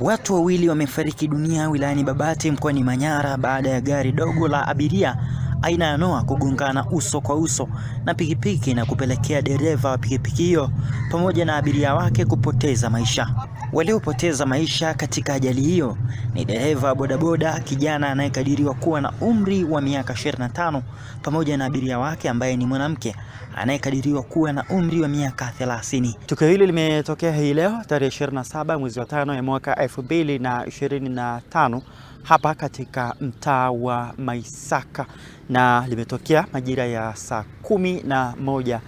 Watu wawili wamefariki dunia wilayani Babati mkoani Manyara baada ya gari dogo la abiria aina ya Noah kugongana uso kwa uso na pikipiki na kupelekea dereva wa pikipiki hiyo pamoja na abiria wake kupoteza maisha. Waliopoteza maisha katika ajali hiyo ni dereva bodaboda, kijana anayekadiriwa kuwa na umri wa miaka 25 pamoja na abiria wake ambaye ni mwanamke anayekadiriwa kuwa na umri wa miaka 30. Tukio hili limetokea hii leo tarehe 27 mwezi wa tano ya mwaka 2025 hapa katika mtaa wa Maisaka na limetokea majira ya saa kumi na moja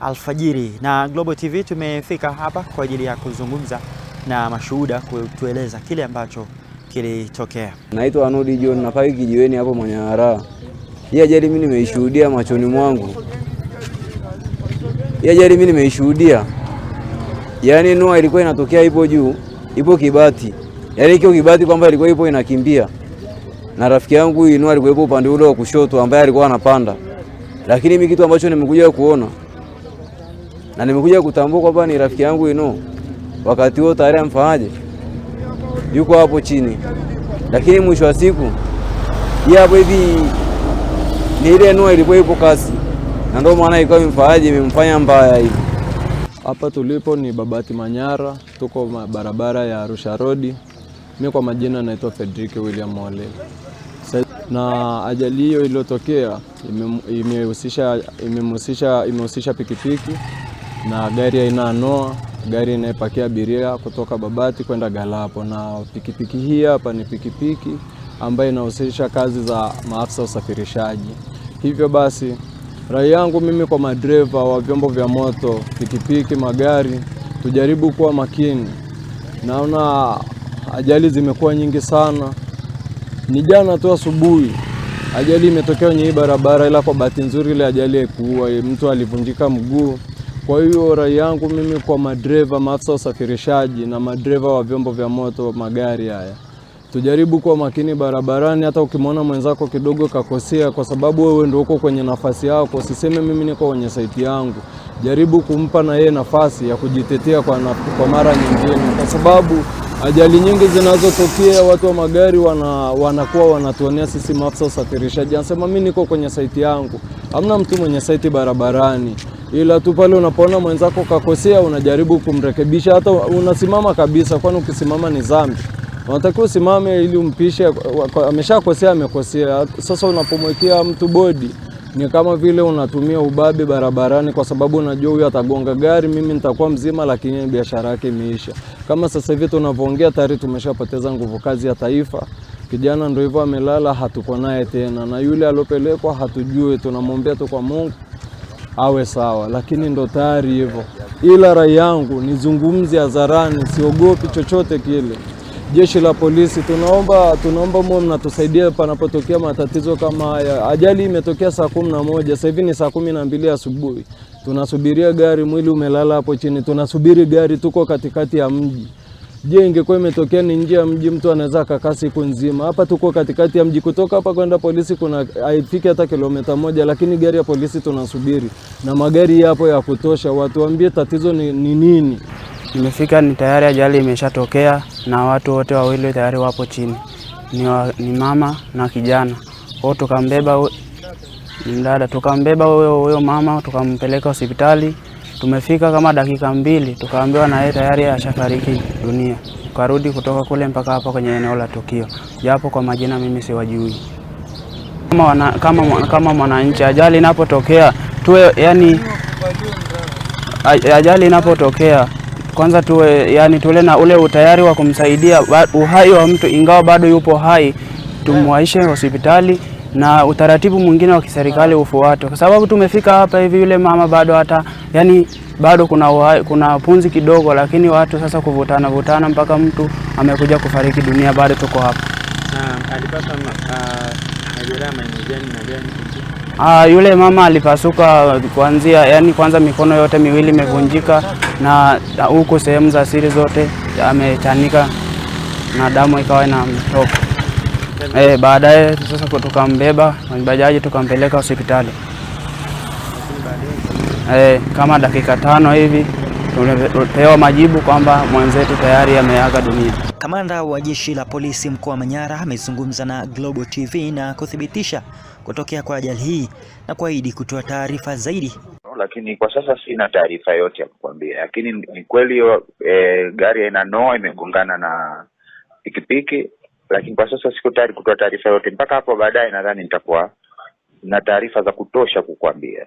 alfajiri, na Global TV tumefika hapa kwa ajili ya kuzungumza na mashuhuda kutueleza kile ambacho kilitokea. Naitwa Anudi John, napaki kijiweni hapo Manyara. Hii ajali mimi nimeishuhudia machoni mwangu, hii ajali mimi nimeishuhudia. Yaani Noah ilikuwa inatokea ipo juu, ipo kibati, yaani kio kibati kwamba ilikuwa ipo inakimbia, na rafiki yangu Noah alikuwa ipo upande ule wa kushoto, ambaye alikuwa anapanda. Lakini mimi kitu ambacho nimekuja kuona na nimekuja kutambua kwamba ni rafiki yangu Noah wakati huo tayari amfahaje, yuko hapo chini. Lakini mwisho wa siku hii hapo hivi ni ile nua ilikuwa ipo kasi, na ndio maana ilikuwa imfahaje, imemfanya mbaya hivi. Hapa tulipo ni Babati Manyara, tuko barabara ya Arusha Road. Mimi kwa majina naitwa Fredrick William Mole Na ajali hiyo iliyotokea imehusisha imehusisha imehusisha pikipiki na gari aina ya Noah gari inayepakia abiria kutoka Babati kwenda Galapo, na pikipiki hii hapa ni pikipiki ambayo inahusisha kazi za maafisa usafirishaji. Hivyo basi, rai yangu mimi kwa madereva wa vyombo vya moto, pikipiki, magari, tujaribu kuwa makini. Naona ajali zimekuwa nyingi sana. Ni jana tu asubuhi ajali imetokea kwenye hii barabara, ila kwa bahati nzuri ile ajali haikuua mtu, alivunjika mguu. Kwa hiyo rai yangu mimi kwa madereva, maafisa wa usafirishaji na madereva wa vyombo vya moto, magari haya, tujaribu kuwa makini barabarani. Hata ukimwona mwenzako kidogo kakosea, kwa sababu wewe ndio uko kwenye nafasi yako, usiseme mimi niko kwenye saiti yangu. Jaribu kumpa na yeye nafasi ya kujitetea kwa, na, kwa mara nyingine, kwa sababu Ajali nyingi zinazotokea watu wa magari wana, wanakuwa wanatuonea sisi maafisa usafirishaji. Anasema mi niko kwenye saiti yangu, hamna mtu mwenye saiti barabarani, ila tu pale unapoona mwenzako kakosea unajaribu kumrekebisha, hata unasimama kabisa, kwani ukisimama ni dhambi. Unatakiwa usimame ili umpishe, ameshakosea, amekosea. Sasa unapomwekea mtu bodi ni kama vile unatumia ubabe barabarani, kwa sababu unajua huyu atagonga gari, mimi nitakuwa mzima, lakini biashara yake imeisha. Kama sasa hivi tunavyoongea, tayari tumeshapoteza nguvu kazi ya taifa. Kijana ndio hivyo amelala, hatuko naye tena, na yule aliopelekwa hatujui, tunamwombea tu kwa Mungu awe sawa, lakini ndo tayari hivyo. Ila rai yangu nizungumze hadharani, siogopi chochote kile jeshi la polisi. Tunaomba tunaomba mwe mnatusaidia panapotokea matatizo kama haya. Ajali imetokea saa kumi na moja, sasa hivi ni saa kumi na mbili asubuhi. Tunasubiria gari, mwili umelala hapo chini, tunasubiri gari, tuko katikati ya mji. Je, ingekuwa imetokea ni nje ya mji, mtu anaweza akakaa siku nzima. Hapa tuko katikati ya mji, kutoka hapa kwenda polisi kuna haifiki hata kilomita moja, lakini gari ya polisi tunasubiri na magari yapo ya kutosha. Watuambie tatizo ni, ni nini. imefika ni tayari ajali imeshatokea na watu wote wawili tayari wapo chini, ni, wa, ni mama na kijana kwao. Tukambeba mdada, tukambeba huyo huyo mama tukampeleka hospitali. Tumefika kama dakika mbili, tukaambiwa na yeye tayari ashafariki dunia. Tukarudi kutoka kule mpaka hapa kwenye eneo la tukio, japo kwa majina mimi siwajui. Kama, wana, kama, kama mwananchi, ajali inapotokea tuwe yani, ajali inapotokea kwanza tuwe, yani tule na ule utayari wa kumsaidia uhai wa mtu ingawa bado yupo hai, tumwaishe hospitali na utaratibu mwingine wa kiserikali ufuate, kwa sababu tumefika hapa hivi, yule mama bado hata yani bado kuna uhai, kuna punzi kidogo, lakini watu sasa kuvutana vutana mpaka mtu amekuja kufariki dunia, bado tuko hapa. Na alipata ah, majeraha aina gani na gani? Uh, yule mama alipasuka kuanzia, yani kwanza mikono yote miwili imevunjika na huku sehemu za siri zote ametanika na damu ikawa inamtoka. Eh, baadaye sasa tukambeba bajaji tukampeleka hospitali. Eh, kama dakika tano hivi tulipewa majibu kwamba mwenzetu tayari ameaga dunia. Kamanda wa jeshi la polisi mkoa wa Manyara amezungumza na Global TV na kuthibitisha kutokea kwa ajali hii na kuahidi kutoa taarifa zaidi. Lakini kwa sasa sina taarifa yote ya kukwambia, lakini ni kweli e, gari aina noa imegongana na pikipiki, lakini kwa sasa siko tayari kutoa taarifa yote. Mpaka hapo baadaye nadhani nitakuwa na taarifa za kutosha kukwambia.